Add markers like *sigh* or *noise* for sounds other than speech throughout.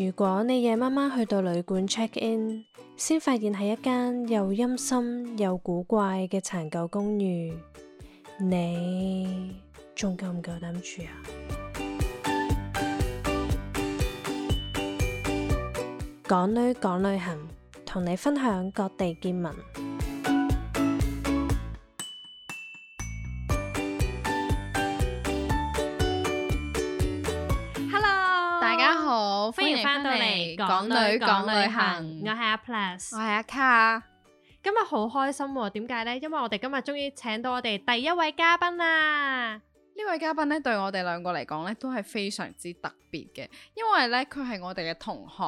如果你夜麻麻去到旅館 check in，先發現係一間又陰森又古怪嘅殘舊公寓，你仲夠唔夠膽住啊？ *music* 港女港旅行同你分享各地見聞。港女講旅行，港女講旅行，我係阿 Plus，我係阿卡。今日好開心啊，點解呢？因為我哋今日終於請到我哋第一位嘉賓啦。呢位嘉賓咧，對我哋兩個嚟講咧，都係非常之特別嘅，因為咧佢係我哋嘅同學。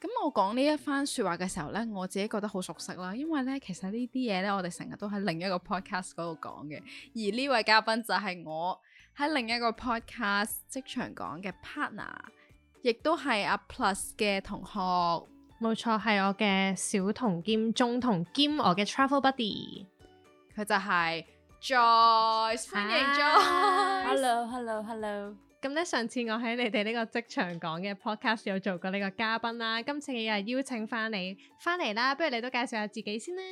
咁我講呢一番說話嘅時候咧，我自己覺得好熟悉啦，因為咧其實呢啲嘢咧，我哋成日都喺另一個 podcast 嗰度講嘅。而呢位嘉賓就係我喺另一個 podcast 即場講嘅 partner。亦都係阿 Plus 嘅同學。冇錯，係我嘅小同兼中同兼我嘅 Travel Buddy，佢就係 Joyce，歡迎 Joyce，Hello，Hello，Hello。咁咧上次我喺你哋呢個職場講嘅 Podcast 有做過呢個嘉賓啦，今次又邀請翻你翻嚟啦，不如你都介紹下自己先啦。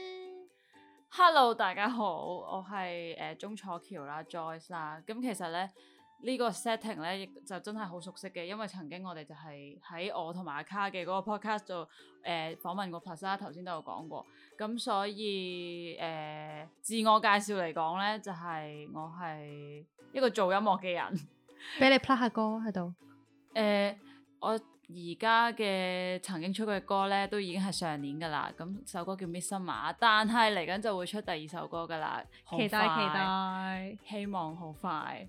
Hello，大家好，我係誒鍾楚翹啦，Joyce 啦，咁、嗯、其實咧。個呢個 setting 咧，亦就真係好熟悉嘅，因為曾經我哋就係喺我同埋阿卡嘅嗰個 podcast 度誒訪、呃、問過 Paterson 頭先都有講過。咁所以誒、呃、自我介紹嚟講咧，就係、是、我係一個做音樂嘅人。俾 *laughs* 你 play 下歌喺度。誒、呃，我而家嘅曾經出嘅歌咧，都已經係上年噶啦。咁首歌叫《Missing》，但係嚟緊就會出第二首歌噶啦待快。期待期待，希望好快。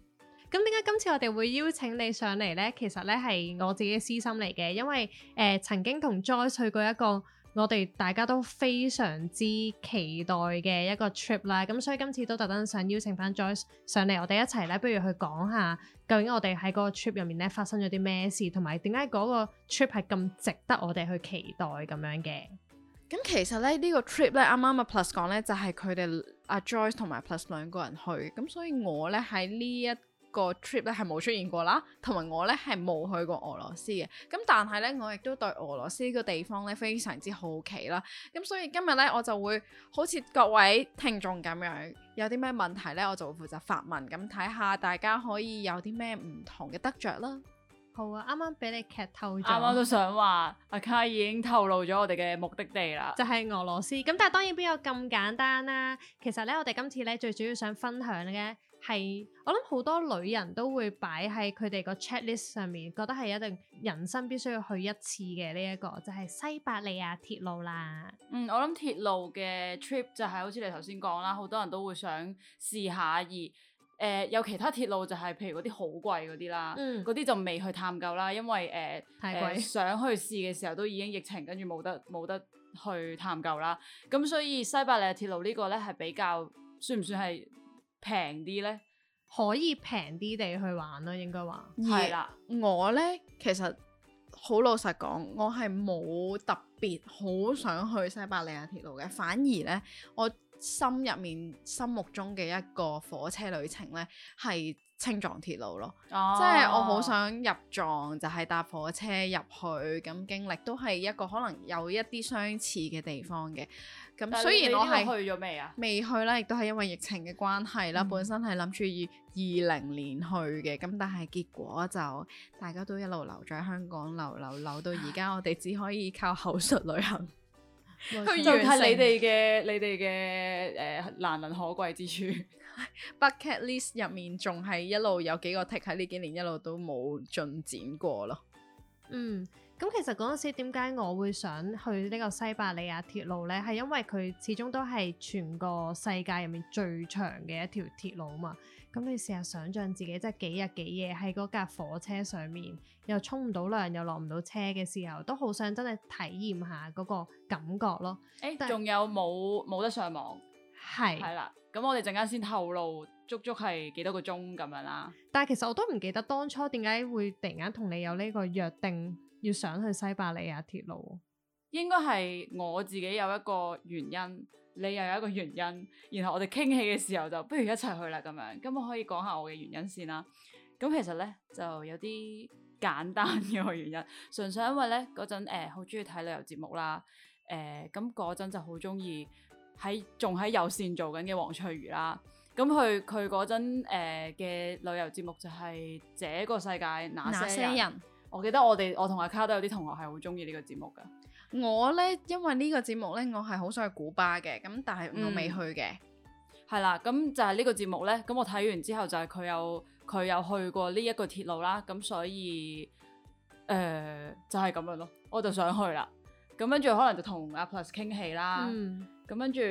咁點解今次我哋會邀請你上嚟呢？其實呢係我自己私心嚟嘅，因為誒、呃、曾經同 Joyce 去過一個我哋大家都非常之期待嘅一個 trip 啦。咁所以今次都特登想邀請翻 Joyce 上嚟，我哋一齊呢，不如去講下究竟我哋喺嗰個 trip 入面呢發生咗啲咩事，同埋點解嗰個 trip 係咁值得我哋去期待咁樣嘅。咁其實呢，呢、呢個 trip 呢，啱啱阿 Plus 講呢，就、啊、係佢哋阿 Joyce 同埋 Plus 兩個人去。咁所以我呢，喺呢一個 trip 咧係冇出現過啦，同埋我咧係冇去過俄羅斯嘅，咁但係咧我亦都對俄羅斯個地方咧非常之好奇啦。咁所以今日咧我就會好似各位聽眾咁樣，有啲咩問題咧我就會負責發問，咁睇下大家可以有啲咩唔同嘅得着啦。好啊，啱啱俾你劇透咗，啱啱都想話阿卡已經透露咗我哋嘅目的地啦，就係俄羅斯。咁但係當然邊有咁簡單啦，啊？其實咧我哋今次咧最主要想分享嘅。係，我諗好多女人都會擺喺佢哋個 checklist 上面，覺得係一定人生必須要去一次嘅呢一個就係、是、西伯利亞鐵路啦。嗯，我諗鐵路嘅 trip 就係好似你頭先講啦，好多人都會想試下，而誒、呃、有其他鐵路就係、是、譬如嗰啲好貴嗰啲啦，嗰啲、嗯、就未去探究啦，因為誒誒、呃太貴呃、想去試嘅時候都已經疫情，跟住冇得冇得去探究啦。咁所以西伯利亞鐵路呢個咧係比較算唔算係？平啲呢，可以平啲地去玩咯，應該話。而我呢，其實好老實講，我係冇特別好想去西伯利亞鐵路嘅，反而呢，我，心入面、心目中嘅一個火車旅程呢，係青藏鐵路咯，oh. 即係我好想入藏，就係、是、搭火車入去，咁經歷都係一個可能有一啲相似嘅地方嘅。咁但 雖然你我係去咗未呀？未去啦，亦都係因為疫情嘅關係啦，mm. 本身係諗住二零年去嘅，咁但係結果就大家都一路留在香港，留留留到而家，我哋只可以靠口述旅行。完就係你哋嘅你哋嘅誒難能可貴之處 *laughs* ，bucket list 入面仲係一路有幾個 tick 喺呢幾年一路都冇進展過咯。嗯，咁其實嗰陣時點解我會想去呢個西伯利亞鐵路咧？係因為佢始終都係全個世界入面最長嘅一條鐵路啊嘛。咁你成日想象自己即係幾日幾夜喺嗰架火車上面，又沖唔到涼，又落唔到車嘅時候，都好想真係體驗下嗰個感覺咯。誒、欸，但係仲有冇冇得上網？係係啦，咁我哋陣間先透露足足係幾多個鐘咁樣啦。但係其實我都唔記得當初點解會突然間同你有呢個約定，要上去西伯利亞鐵路。應該係我自己有一個原因。你又有一個原因，然後我哋傾偈嘅時候就不如一齊去啦咁樣。咁我可以講下我嘅原因先啦。咁其實呢，就有啲簡單嘅個原因，純粹因為呢嗰陣好中意睇旅遊節目啦。誒，咁嗰陣就好中意喺仲喺有線做緊嘅黃翠如啦。咁佢，佢嗰陣誒，嘅旅遊節目就係這個世界哪些人？哪些人，我記得我哋，我同阿卡都有啲同學係好中意呢個節目噶。我咧，因為呢個節目咧，我係好想去古巴嘅，咁但係我未去嘅，係啦、嗯，咁就係呢個節目咧，咁我睇完之後就係佢有佢有去過呢一個鐵路啦，咁所以誒、呃、就係、是、咁樣咯，我就想去啦，咁跟住可能就同阿 Plus 傾偈啦，咁跟住。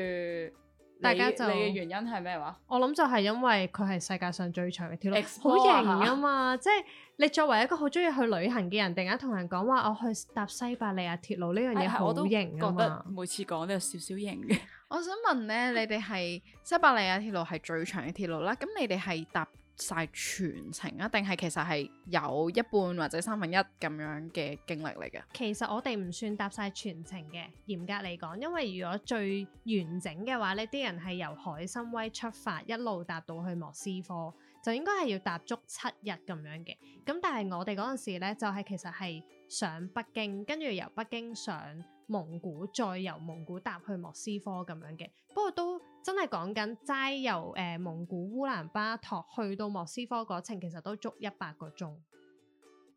大家就你嘅原因係咩話？我諗就係因為佢係世界上最長嘅鐵路，好型㗎嘛！ *laughs* 即係你作為一個好中意去旅行嘅人，突然間同人講話我去搭西伯利亞鐵路呢樣嘢好型㗎嘛！哎、我都覺得每次講都有少少型嘅。我想問咧，你哋係西伯利亞鐵路係最長嘅鐵路啦，咁你哋係搭？曬全程啊？定係其實係有一半或者三分一咁樣嘅經歷嚟嘅？其實我哋唔算搭晒全程嘅，嚴格嚟講，因為如果最完整嘅話呢，啲人係由海參崴出發，一路搭到去莫斯科，就應該係要搭足七日咁樣嘅。咁但係我哋嗰陣時呢，就係、是、其實係上北京，跟住由北京上蒙古，再由蒙古搭去莫斯科咁樣嘅。不過都～真係講緊齋由誒蒙古烏蘭巴托去到莫斯科嗰程，其實都足一百個鐘。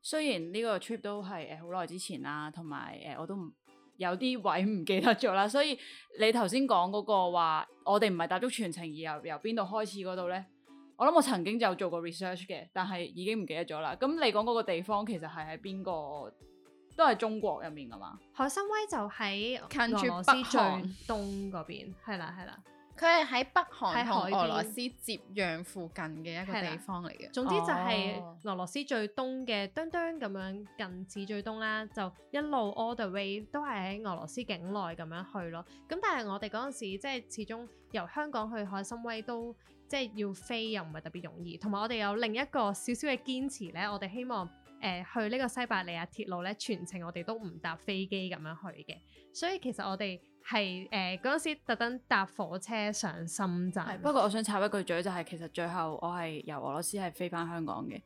雖然呢個 trip 都係誒好耐之前啦，同埋誒我都唔有啲位唔記得咗啦。所以你頭先講嗰個話，我哋唔係搭足全程，而由由邊度開始嗰度咧？我諗我曾經就做過 research 嘅，但係已經唔記得咗啦。咁你講嗰個地方其實係喺邊個？都係中國入面㗎嘛？海參崴就喺近住北韓東嗰邊，係啦， *laughs* 係啦。笑的佢係喺北韓同俄羅斯接壤附近嘅一個地方嚟嘅，的總之就係俄羅斯最東嘅噹噹咁樣近似最東啦，就一路 all the way 都係喺俄羅斯境內咁樣去咯。咁但係我哋嗰陣時即係始終由香港去海參崴都即係要飛又唔係特別容易，同埋我哋有另一個少少嘅堅持咧，我哋希望。誒、呃、去呢個西伯利亞鐵路咧，全程我哋都唔搭飛機咁樣去嘅，所以其實我哋係誒嗰陣時特登搭火車上深圳。不過我想插一句嘴，就係，就係其實最後我係由俄羅斯係飛翻香港嘅，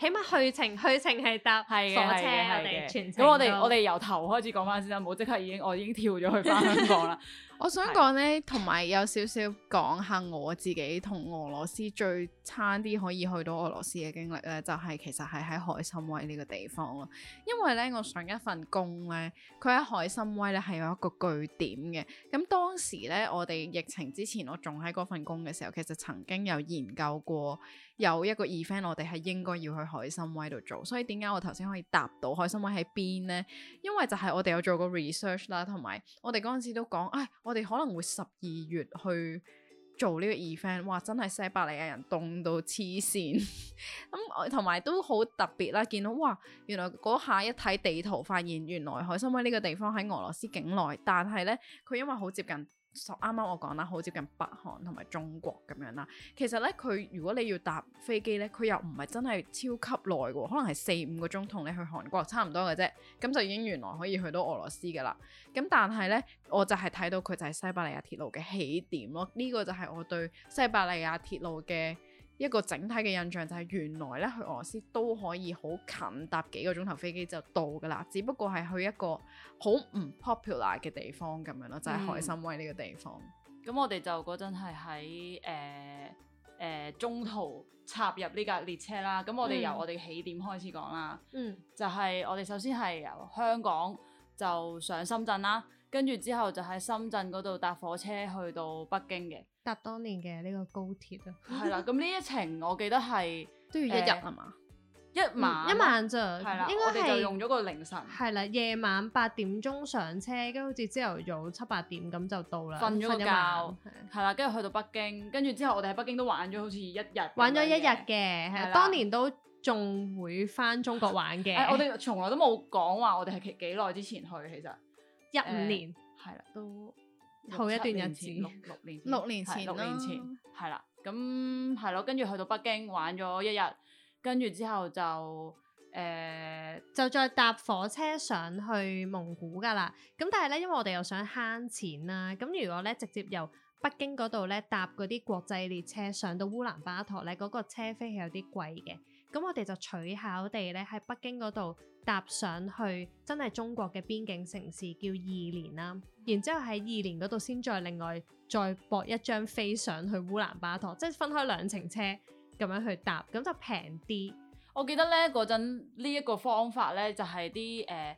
起碼去程去程係搭係火車，我哋全程。咁我哋我哋由頭開始講翻先啦，冇即刻已經我已經跳咗去翻香港啦。 *laughs* 我想講呢，同埋有少少講下我自己同俄羅斯最差啲可以去到俄羅斯嘅經歷呢就係、是、其實係喺海參崴呢個地方咯。因為呢，我上一份工呢，佢喺海參崴呢係有一個據點嘅。咁當時呢，我哋疫情之前，我仲喺嗰份工嘅時候，其實曾經有研究過有一個 event，我哋係應該要去海參崴度做。所以點解我頭先可以答到海參崴喺邊呢？因為就係我哋有做過 research 啦，同埋我哋嗰陣時都講，唉、哎，我哋可能會十二月去做呢個 event，哇！真係西伯利亞人凍到黐線，咁我同埋都好特別啦。見到哇，原來嗰下一睇地圖，發現原來海參崴呢個地方喺俄羅斯境內，但係咧，佢因為好接近。So，啱啱我講啦，好接近北韓同埋中國咁樣啦。其實呢，佢如果你要搭飛機呢，佢又唔係真係超級耐嘅，可能係四五個鐘同你去韓國差唔多嘅啫。咁就已經原來可以去到俄羅斯嘅啦。咁但係呢，我就係睇到佢就係西伯利亞鐵路嘅起點咯。呢個就係我對西伯利亞鐵路嘅。一個整體嘅印象就係原來咧去俄羅斯都可以好近，搭幾個鐘頭飛機就到噶啦。只不過係去一個好唔 popular 嘅地方咁樣咯，就係、是、海參崴呢個地方。咁、嗯、我哋就嗰陣係喺誒誒中途插入呢架列車啦。咁我哋由我哋起點開始講啦，嗯，就係我哋首先係由香港就上深圳啦，跟住之後就喺深圳嗰度搭火車去到北京嘅。搭當年嘅呢個高鐵啊，係啦，咁呢一程我記得係都要一日啊嘛，一晚一晚咋，係啦，應該我哋就用咗個凌晨，係啦，夜晚八點鐘上車，跟住好似朝頭早七八點咁就到啦，瞓咗個覺，係啦，跟住去到北京，跟住之後我哋喺北京都玩咗好似一日，玩咗一日嘅，當年都仲會返中國玩嘅，我哋從來都冇講話我哋係幾耐之前去，其實一五年，係啦，都。後一段日子，六年六年前，六年前咯，係啦，咁係咯，跟住對去到北京玩咗一日，跟住之後就誒，呃、就再搭火車上去蒙古噶啦。咁但係咧，因為我哋又想慳錢啦，咁如果咧直接由北京嗰度咧搭嗰啲國際列車上到烏蘭巴托咧，嗰、嗰個車飛係有啲貴嘅。咁我哋就取巧地咧喺北京嗰度搭上去，真係中國嘅邊境城市叫二連啦、啊。然之後喺二連嗰度先再另外再駁一張飛上去烏蘭巴托，即係分開兩程車咁樣去搭，咁就平啲。我記得咧嗰陣呢一個方法咧就係啲誒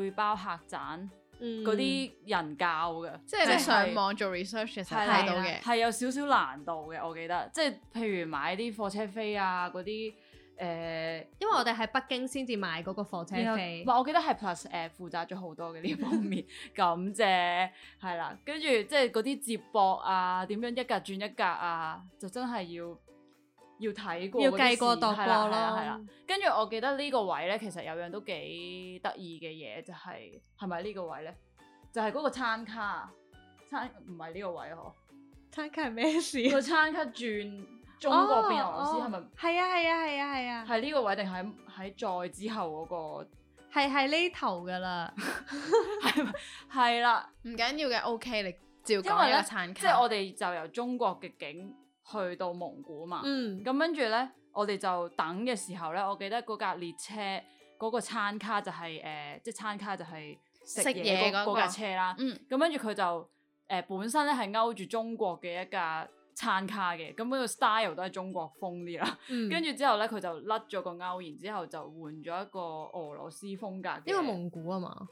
背包客棧嗰啲人教嘅，即係你上網做 research 先睇到嘅，係有少少難度嘅。我記得即係譬如買啲貨車飛啊嗰啲。誒，呃、因為我哋喺北京先至買嗰個火車飛，我記得係 Plus 誒、呃、負責咗好多嘅呢方面，咁啫， *laughs* 係啦，跟住即係嗰啲接駁啊，點樣一格轉一格啊，就真係要要睇過，要計過度過啦，係啦，跟住 *laughs* 我記得呢個位咧，其實有樣都幾得意嘅嘢，就係係咪呢個位咧？就係、是、嗰個餐卡，餐唔係呢個位呵？餐卡係咩事？個餐卡轉。中國邊俄羅斯係咪？係啊係啊係啊係啊！係呢、啊啊啊、個位定喺喺再之後嗰、那個？係係呢頭噶 *laughs* 是 *laughs* 啦，係係啦。唔緊要嘅，OK，你照講一即係我哋就由中國嘅境去到蒙古嘛。咁跟住咧，我哋就等嘅時候咧，我記得嗰架列車嗰、那個餐卡就係、是、誒、呃，即係餐卡就係食嘢嗰架車啦。咁跟住佢就誒、呃、本身咧係勾住中國嘅一架。餐卡嘅，咁嗰個 style 都係中國風啲啦，跟住、嗯、之後咧佢就甩咗個勾然，然之後就換咗一個俄羅斯風格，因為蒙古啊嘛，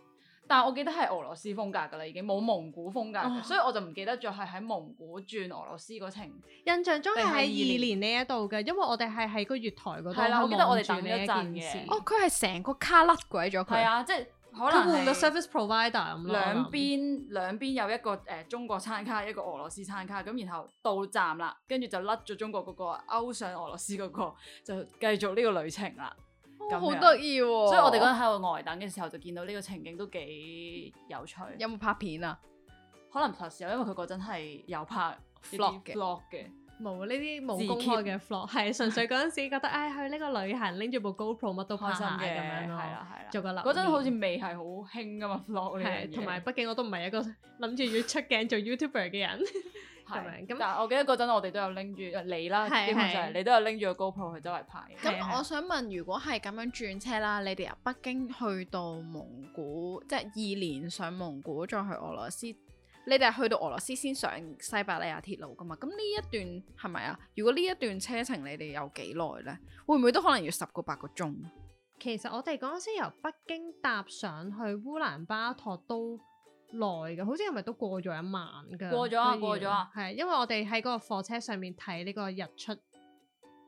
但係我記得係俄羅斯風格噶啦，已經冇蒙古風格，哦、所以我就唔記得咗係喺蒙古轉俄羅斯嗰程。印象中係喺二年呢一度嘅，對因為我哋係喺個月台嗰度，係啦，看我記得我哋等咗一陣嘅。哦，佢係成個卡甩鬼咗佢，係啊，即係。可能係 service provider 咁咯，兩邊兩邊有一個誒、呃、中國餐卡，一個俄羅斯餐卡，咁然後到站啦，跟住就甩咗中國嗰個，勾上俄羅斯嗰個，就繼續呢個旅程啦。好得意喎！樣哦、所以我哋嗰陣喺度呆等嘅時候就見到呢個情景都幾有趣。有冇拍片啊？可能 Plus 有，因為佢嗰陣係有拍 vlog 嘅的。冇呢啲冇公開嘅 vlog，係純粹嗰陣時覺得，哎去呢個旅行拎住部 GoPro 乜都拍，開心嘅咁樣咯，係啦係啦。做個嗰陣好似未係好興噶嘛 vlog 呢樣嘢，同埋畢竟我都唔係一個諗住要出鏡做 YouTuber 嘅人係咪？咁但係我記得嗰陣我哋都有拎住你啦，基本上，你都有拎住個 GoPro 去周圍拍。咁我想問，如果係咁樣轉車啦，你哋由北京去到蒙古，即係二連上蒙古，再去俄羅斯。你哋係去到俄羅斯先上西伯利亞鐵路㗎嘛？咁呢一段係咪啊？如果呢一段車程你哋有幾耐咧？會唔會都可能要十個八個鐘？其實我哋嗰陣時由北京搭上去烏蘭巴托都耐嘅，好似係咪都過咗一晚㗎？過咗啊！所以過咗啊！係因為我哋喺嗰個火車上面睇呢個日出、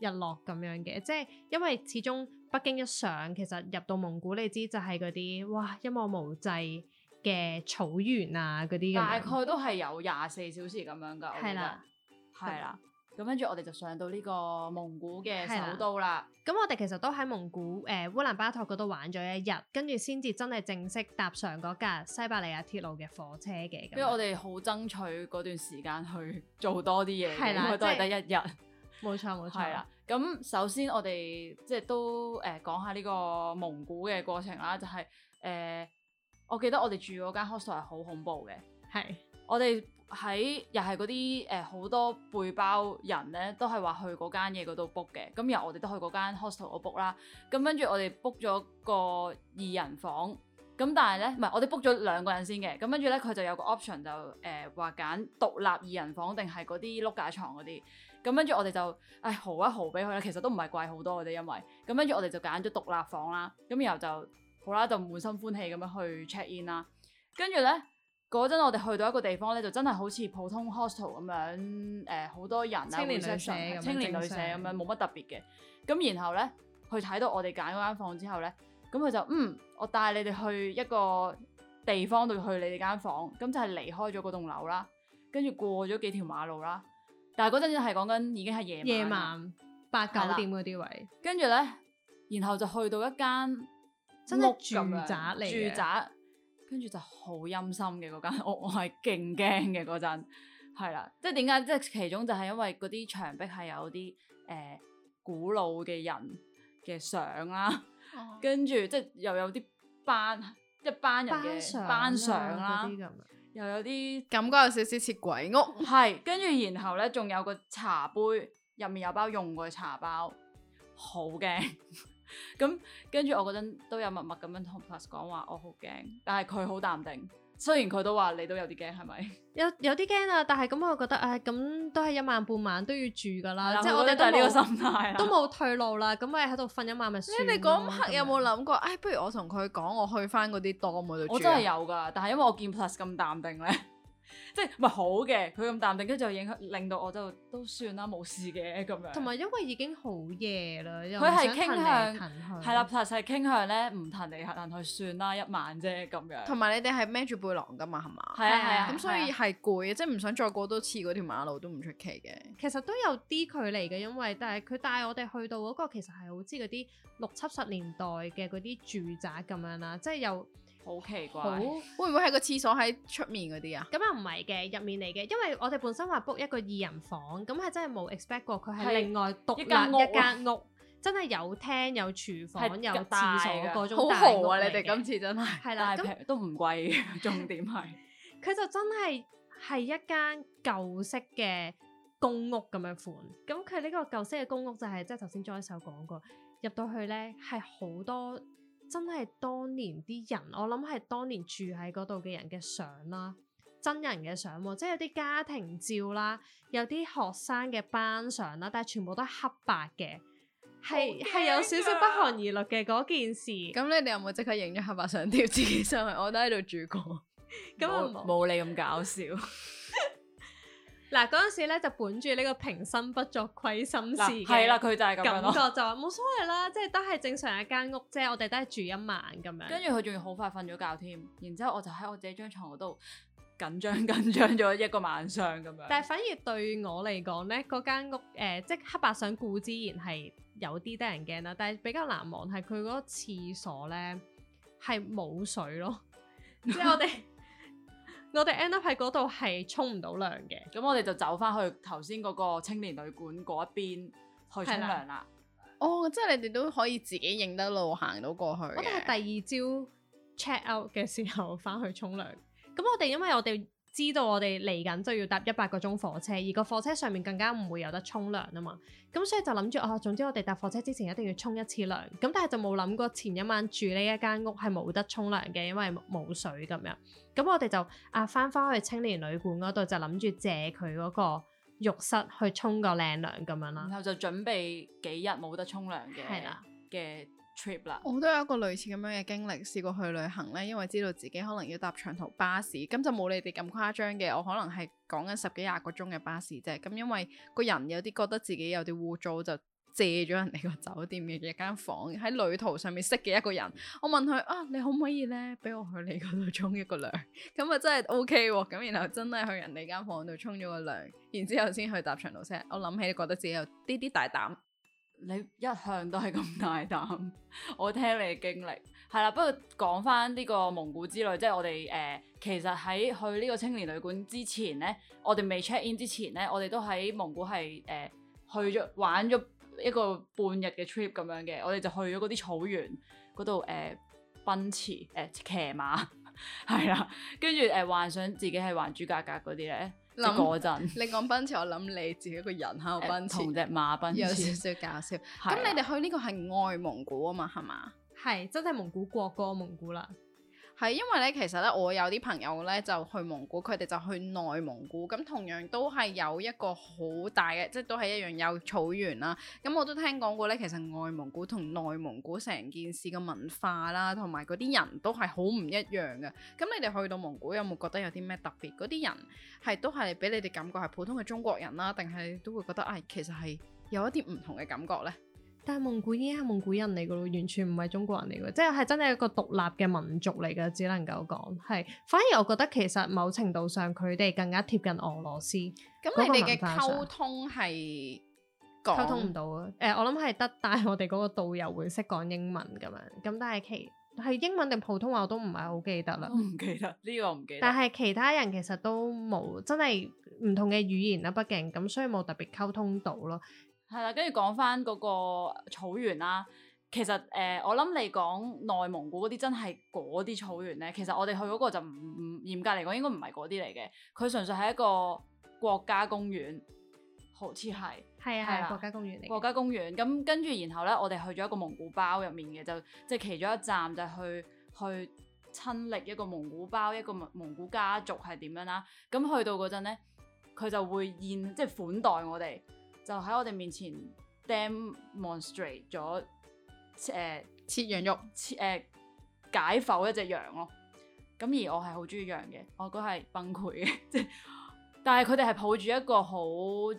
日落咁樣嘅，即係因為始終北京一上，其實入到蒙古你知就係嗰啲哇一望無際嘅草原啊，嗰啲大概都係有廿四小時咁樣噶，係啦的，係啦。咁跟住我哋就上到呢個蒙古嘅首都啦。咁我哋其實都喺蒙古誒烏蘭巴托嗰度玩咗一日，跟住先至真係正式搭上嗰架西伯利亞鐵路嘅火車嘅。因為我哋好爭取嗰段時間去做多啲嘢，的因為都係、就是、得一日。冇錯冇錯。係啦，咁首先我哋即係都誒講下呢個蒙古嘅過程啦，就係、是、誒。呃我記得我哋住嗰間 hostel 係好恐怖嘅，係是我哋喺又係嗰啲誒好多背包人咧，都係話去嗰間嘢嗰度 book 嘅。咁然後我哋都去嗰間 hostel 度 book 啦。咁跟住我哋 book 咗個二人房，咁但係咧，唔係我哋 book 咗兩個人先嘅。咁跟住咧，佢就有個 option 就誒話揀獨立二人房定係嗰啲碌架床嗰啲。咁跟住我哋就誒豪一豪畀佢啦。其實都唔係貴好多嘅啫，因為咁跟住我哋就揀咗獨立房啦。咁然後就。好啦，就滿心歡喜咁樣去 check in 啦。跟住咧，嗰陣我哋去到一個地方咧，就真係好似普通 hostel 咁樣，誒、呃，好多人啊，青年旅舍咁樣，冇乜特別嘅。咁然後咧，去睇到我哋揀嗰間房之後咧，咁佢就嗯，我帶你哋去一個地方度去你哋間房，咁就係離開咗嗰棟樓啦，跟住過咗幾條馬路啦。但係嗰陣係講緊已經係夜晚夜晚八九點嗰啲位，跟住咧，然後就去到一間，真係住宅嚟，住宅跟住就好陰森嘅嗰間屋，我係勁驚嘅嗰陣，係啦，即係點解？即係其中就係因為嗰啲牆壁係有啲誒、呃、古老嘅人嘅相啦，跟住、哦、即係又有啲班一班人嘅班相啦，又有啲感覺有少少似鬼屋，係，跟住然後咧仲有個茶杯入面有包用過嘅茶包，好驚。咁跟住我嗰陣都有默默咁樣同 Plus 講話我好驚，但係佢好淡定。雖然佢都話你都有啲驚係咪？有有啲驚啊！但係咁我覺得，唉，咁都係一晚半晚都要住噶啦，有即係我哋都係呢個心態冇都冇退路啦。咁咪喺度瞓一晚咪算你。你你嗰刻有冇諗過，唉，不如我同佢講，我去翻嗰啲 dorm 度住。我真係有噶，但係因為我見 Plus 咁淡定咧。呢即係咪好嘅？佢咁淡定，跟住就影響令到我就都算啦，冇事嘅咁樣。同埋因為已經好夜啦，因為佢係傾向係啦，其實係傾向咧唔騰嚟行去算啦，一晚啫咁樣。同埋你哋係孭住背囊噶嘛，係嘛？係啊係啊，咁所以係攰，即係唔想再過多次嗰條馬路都唔出奇嘅。其實都有啲距離嘅，因為但係佢帶我哋去到嗰個其實係好似嗰啲六七十,十年代嘅嗰啲住宅咁樣啦，即係有。好奇怪，哦、會唔會係個廁所喺出面嗰啲啊？咁又唔係嘅，入面嚟嘅，因為我哋本身話 book 一個二人房，咁係真係冇 expect 過佢係另外獨立一間,一,間一,間一間屋，真係有廳有廚房有廁所嗰種大好豪啊！你哋今次真係係啦，都唔貴，重點係佢就真係係一間舊式嘅公屋咁樣款，咁佢呢個舊式嘅公屋就係、是、即係頭先 Joyce 手講過，入到去咧係好多。真係當年啲人，我諗係當年住喺嗰度嘅人嘅相啦，真人嘅相，即係有啲家庭照啦，有啲學生嘅班相啦，但係全部都係黑白嘅，係係、啊、有少少不寒而栗嘅嗰件事。咁你哋有冇即刻影咗黑白相貼自己上去？我都喺度住過，咁冇冇你咁搞笑。。 *laughs* 嗱，嗰陣時咧，就本住呢個平生不作虧心事嘅，係啦佢就係咁樣感覺就話冇所謂啦，即係都係正常一間屋即啫，我哋都係住一晚咁樣。跟住佢仲要好快瞓咗覺添，然之後我就喺我自己張床嗰度緊張緊張咗一個晚上咁樣。但係反而對我嚟講咧，嗰間屋誒、呃、即係黑白相顧之然係有啲得人驚啦，但係比較難忘係佢嗰個廁所咧係冇水咯， *laughs* 即係我哋。 *laughs* 我哋 end up 喺嗰度係沖唔到涼嘅，咁我哋就走返去頭先嗰個青年旅館嗰一邊去沖涼啦。哦的，oh, 即係你哋都可以自己認得路行到過去。我哋係第二朝 check out 嘅時候返去沖涼，咁我哋因為我哋知道我哋嚟緊就要搭一百個鐘火車，而個火車上面更加唔會有得沖涼啊嘛，咁所以就諗住哦，總之我哋搭火車之前一定要沖一次涼，咁但係就冇諗過前一晚住呢一間屋係冇得沖涼嘅，因為冇水咁樣，咁我哋就啊返返去青年旅館嗰度就諗住借佢嗰個浴室去沖個靚涼咁樣啦，然後就準備幾日冇得沖涼嘅，係啦嘅。我都有一個類似咁樣嘅經歷，試過去旅行呢，因為知道自己可能要搭長途巴士，咁就冇你哋咁誇張嘅。我可能係講緊十幾廿個鐘嘅巴士啫，咁因為個人有啲覺得自己有啲污糟，就借咗人哋個酒店嘅一間房喺旅途上面識嘅一個人，我問佢啊，你可唔可以呢，俾我去你嗰度沖一個涼？咁、 *laughs* OK、啊真係 O K 喎，咁然後真係去人哋間房度沖咗個涼，然之後先去搭長途車。我諗起覺得自己有啲啲大膽。你一向都係咁大膽， *laughs* 我聽你嘅經歷係啦。不過講翻呢個蒙古之旅，即係我哋誒、呃、其實喺去呢個青年旅館之前咧，我哋未 check in 之前咧，我哋都喺蒙古係誒、呃、去咗玩咗一個半日嘅 trip 咁樣嘅。我哋就去咗嗰啲草原嗰度誒，奔馳誒騎馬係 *laughs* 啦，跟住誒幻想自己係《還珠格格》嗰啲咧。嗰陣，想那你講奔馳，我諗你自己一個人喺度奔馳，同隻馬奔馳有少少搞笑。咁 *laughs* 是、啊、你哋去呢個係外蒙古啊嘛，係嘛？係真係蒙古國嗰個蒙古啦。係，是因為呢，其實呢，我有啲朋友呢，就去蒙古，佢哋就去內蒙古，咁同樣都係有一個好大嘅，即係都係一樣有草原啦、啊。咁我都聽講過呢，其實外蒙古同內蒙古成件事嘅文化啦，同埋嗰啲人都係好唔一樣嘅。咁你哋去到蒙古有冇覺得有啲咩特別？嗰啲人係都係俾你哋感覺係普通嘅中國人啦、啊，定係都會覺得啊，其實係有一啲唔同嘅感覺呢？但係，蒙古已經係蒙古人嚟噶咯，完全唔係中國人嚟嘅，即係係真係一個獨立嘅民族嚟嘅，只能夠講係。反而我覺得其實某程度上佢哋更加貼近俄羅斯。咁、嗯、你哋嘅溝通係溝通唔到啊？誒、呃，我諗係得，但係我哋嗰個導遊會識講英文咁樣。咁但係其係英文定普通話我都唔係好記得啦。唔記得呢個唔記得。這個、記得，但係其他人其實都冇真係唔同嘅語言啦，畢竟咁，所以冇特別溝通到咯。係啦，跟住講翻嗰個草原啦、啊。其實誒、呃，我諗你講內蒙古嗰啲真係嗰啲草原咧。其實我哋去嗰個就唔唔嚴格嚟講，應該唔係嗰啲嚟嘅。佢純粹係一個國家公園，好似係係啊係國家公園嚟。國家公園咁跟住，然後咧我哋去咗一個蒙古包入面嘅，就即係、就是、其中一站就去去親歷一個蒙古包，一個蒙古家族係點樣啦。咁去到嗰陣咧，佢就會現即係款待我哋。就喺我哋面前 Demonstrate 咗誒、呃、切羊肉，切誒、呃、解剖一隻羊咯。咁而我係好鍾意羊嘅，我嗰係崩潰嘅，即係。但係佢哋係抱住一個好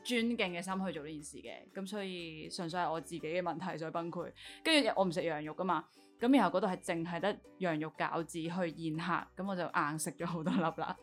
尊敬嘅心去做呢件事嘅，咁所以純粹係我自己嘅問題所以崩潰。跟住我唔食羊肉㗎嘛。咁然後嗰度係淨係得羊肉餃子去宴客，咁我就硬食咗好多粒啦，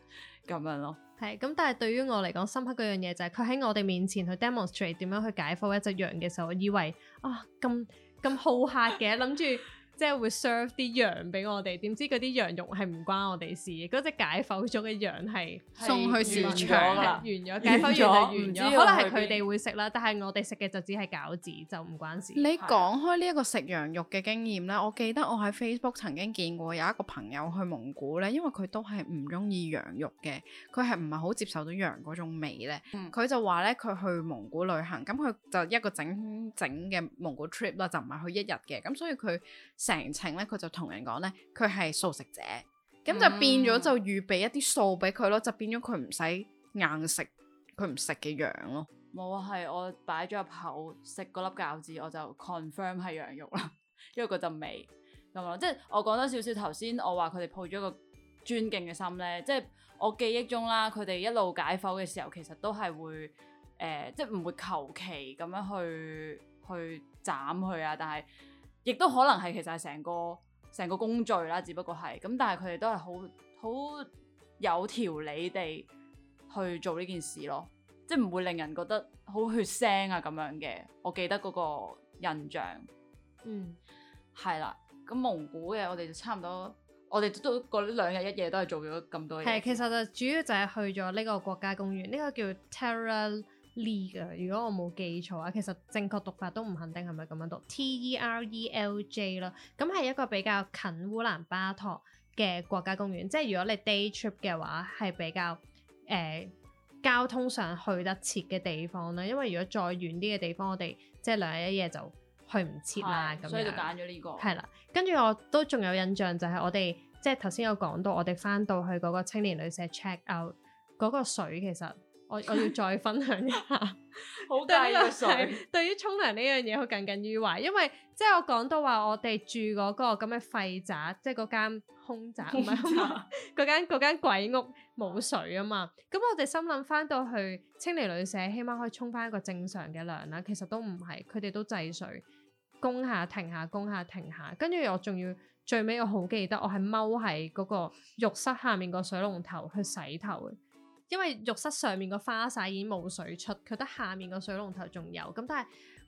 咁樣咯。係，咁但係對於我嚟講深刻嗰樣嘢就係佢喺我哋面前去 demonstrate 點樣去解剖一隻羊嘅時候，我以為啊，咁咁好客嘅，諗住。 *laughs* 即係會 serve 啲羊俾我哋，點知嗰啲羊肉係唔關我哋事，嗰隻、那個、解剖咗嘅羊係送去市場，完咗解剖完就完咗。可能係佢哋會食啦，但係我哋食嘅就只係餃子，就唔關事。你講開呢一個食羊肉嘅經驗咧，我記得我喺 Facebook 曾經見過有一個朋友去蒙古咧，因為佢都係唔中意羊肉嘅，佢係唔係好接受到羊嗰種味咧？佢、嗯、就話咧，佢去蒙古旅行，咁佢就一個整整嘅蒙古 trip 啦，就唔係去一日嘅，咁所以佢。成程咧，佢就同人講咧，佢係素食者，咁就變咗就預備一啲素俾佢咯，嗯、就變咗佢唔使硬食，佢唔食嘅羊咯。冇啊，係我擺咗入口食嗰粒餃子，我就 confirm 係羊肉啦，因為嗰陣味咁咯。即係我講多少少頭先，我話佢哋抱咗個尊敬嘅心咧，即係我記憶中啦，佢哋一路解剖嘅時候，其實都係會誒，即係唔會求其咁樣去去，去斬佢啊，但係。亦都可能係其實係成個成個工序啦，只不過係咁，但係佢哋都係好好有條理地去做呢件事咯，即係唔會令人覺得好血腥啊咁樣嘅。我記得嗰個印象，嗯，係啦。咁蒙古嘅我哋就差唔多，我哋都嗰兩日一夜都係做咗咁多嘢。係，其實就主要就係去咗呢個國家公園，呢個叫 Taral。呢個，如果我冇記錯啊，其實正確讀法都唔肯定係咪咁樣讀 T E R E L J 咯。咁係一個比較近烏蘭巴托嘅國家公園，即係如果你 day trip 嘅話，係比較誒、呃、交通上去得切嘅地方啦。因為如果再遠啲嘅地方，我哋即係兩日一夜就去唔切啦。咁對所以就揀咗呢個。係啦，跟住我都仲有印象就係我哋即係頭先有講到，我哋翻到去嗰個青年旅社 check out 嗰個水其實。我我要再分享一下，好多 *laughs* 水。對於沖涼呢樣嘢，我耿耿於懷，因為即係我講到話，我哋住嗰個咁嘅廢宅，即係嗰間空宅啊嘛，嗰間 *laughs* *laughs* 鬼屋冇水啊嘛。咁我哋心諗返到去青年旅舍，起碼可以沖返一個正常嘅涼啦。其實都唔係，佢哋都制水，供下停下，供下停下。跟住我仲要最尾，我好記得，我係踎喺嗰個浴室下面個水龍頭去洗頭嘅。因為浴室上面個花灑已經冇水出，佢得下面個水龍頭仲有。咁但係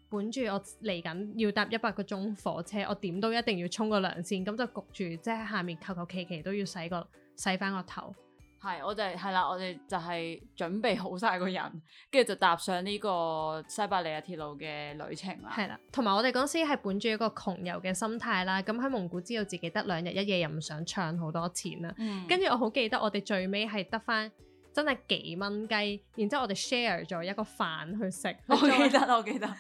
本住我嚟緊要搭一百個鐘火車，我點都一定要沖個涼先。咁就焗住即係下面，求求其其都要洗個洗翻個頭。係，我哋、就、係、是、啦，我哋就係準備好晒個人，跟住就搭上呢個西伯利亞鐵路嘅旅程啦。係啦，同埋我哋嗰時係本住一個窮遊嘅心態啦。咁喺蒙古知道自己得兩日一夜，又唔想唱好多錢啦。跟住、嗯、我好記得，我哋最尾係得翻。真係幾蚊雞，然之後我哋 share 咗一個飯去食，我記得，我記得。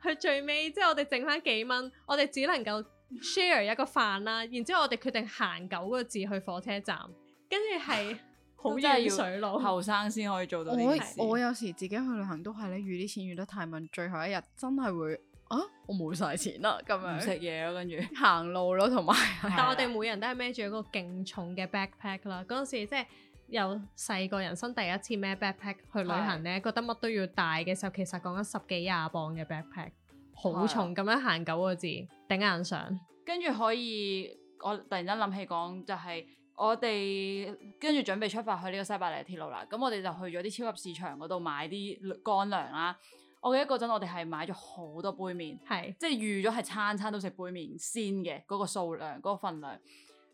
去最尾，即係 *laughs* 我哋剩翻幾蚊，我哋只能夠 share 一個飯啦。然之後我哋決定行九個字去火車站，跟住係好遠水路，後生先可以做到呢件事。我，我有時自己去旅行都係咧，預啲錢預得太問，最後一日真係會啊，我冇晒錢啦，咁樣食嘢跟住行路咯，同埋。 *laughs* 但我哋每人都係孭住一個勁重嘅 backpack 啦，嗰陣時即係。有細個人生第一次咩 backpack 去旅行咧，是的 覺得乜都要帶嘅時候，其實講緊十幾廿磅嘅 backpack 好重，咁樣行九個字，頂硬上。跟住的可以，我突然間諗起講，就係、是、我哋跟住準備出發去呢個西伯利鐵路啦。咁我哋就去咗啲超級市場嗰度買啲乾糧啦。我記得嗰陣我哋係買咗好多杯麪，係的即係預咗係餐餐都食杯麪先嘅嗰、那個數量、嗰、那個份量。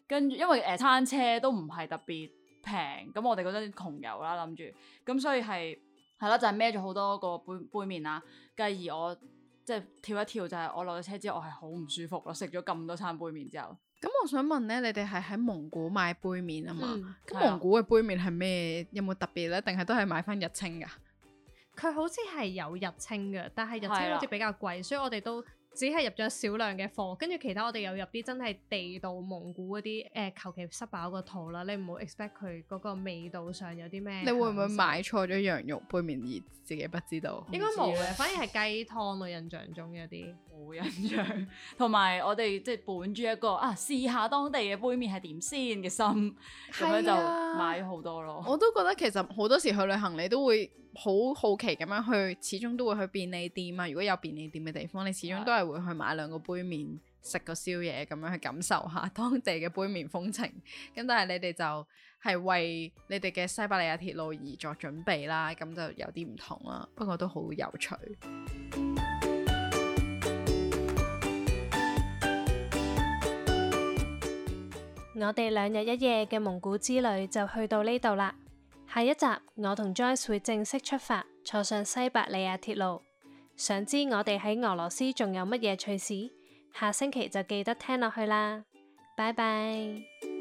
跟住因為誒、呃、餐車都唔係特別。平咁，我哋嗰陣窮遊啦，諗住咁，所以係係咯，就係孭咗好多個杯杯麪啦。繼而我即係、就係、跳一跳，就係我落咗車之後，我係好唔舒服咯，食咗咁多餐杯麪之後。咁我想問咧，你哋係喺蒙古買杯麪啊嘛？咁、嗯、蒙古嘅杯麪係咩？有冇特別咧？定係都係買翻日清噶？佢好似係有日清嘅，但係日清好似比較貴，的所以我哋都。只係入咗少量嘅貨，跟住其他我哋又入啲真係地道蒙古嗰啲誒，呃，求其塞飽個肚啦。你唔好 expect 佢嗰個味道上有啲咩？你會唔會買錯咗羊肉杯麪而自己不知道？應該冇嘅， *laughs* 反而係雞湯。我印象中有啲冇 *laughs* 印象，同埋我哋即係本住一個啊試下當地嘅杯麪係點先嘅心，啊，咁樣就買好多咯。我都覺得其實好多時去旅行你都會。好好奇咁樣去，始終都會去便利店啊！如果有便利店嘅地方，你始終都係會去買兩個杯麪，食個宵夜咁樣去感受下當地嘅杯麪風情。咁但係你哋就係為你哋嘅西伯利亞鐵路而作準備啦，咁就有啲唔同啦。不過都好有趣。我哋兩日一夜嘅蒙古之旅就去到呢度啦。下一集我同 Joyce 會正式出發，坐上西伯利亞鐵路。想知我哋喺俄羅斯仲有乜嘢趣事？下星期就記得聽落去啦，拜拜。